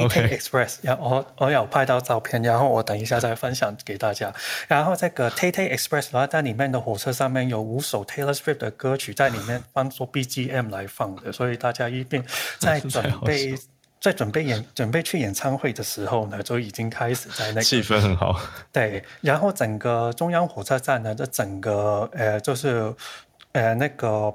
T T Express，然後我有拍到照片，然後我等一下再分享給大家。然後，這個 T T Express 火車站裏面的火車上面有五首 Taylor Swift 的歌曲在裏面當做 B G M 來放的，所以大家一定在準備在準備演準備去演唱會的時候呢，就已經開始在那個、氣氛很好。對，然後整個中央火車站呢，這整個呃就是呃那個。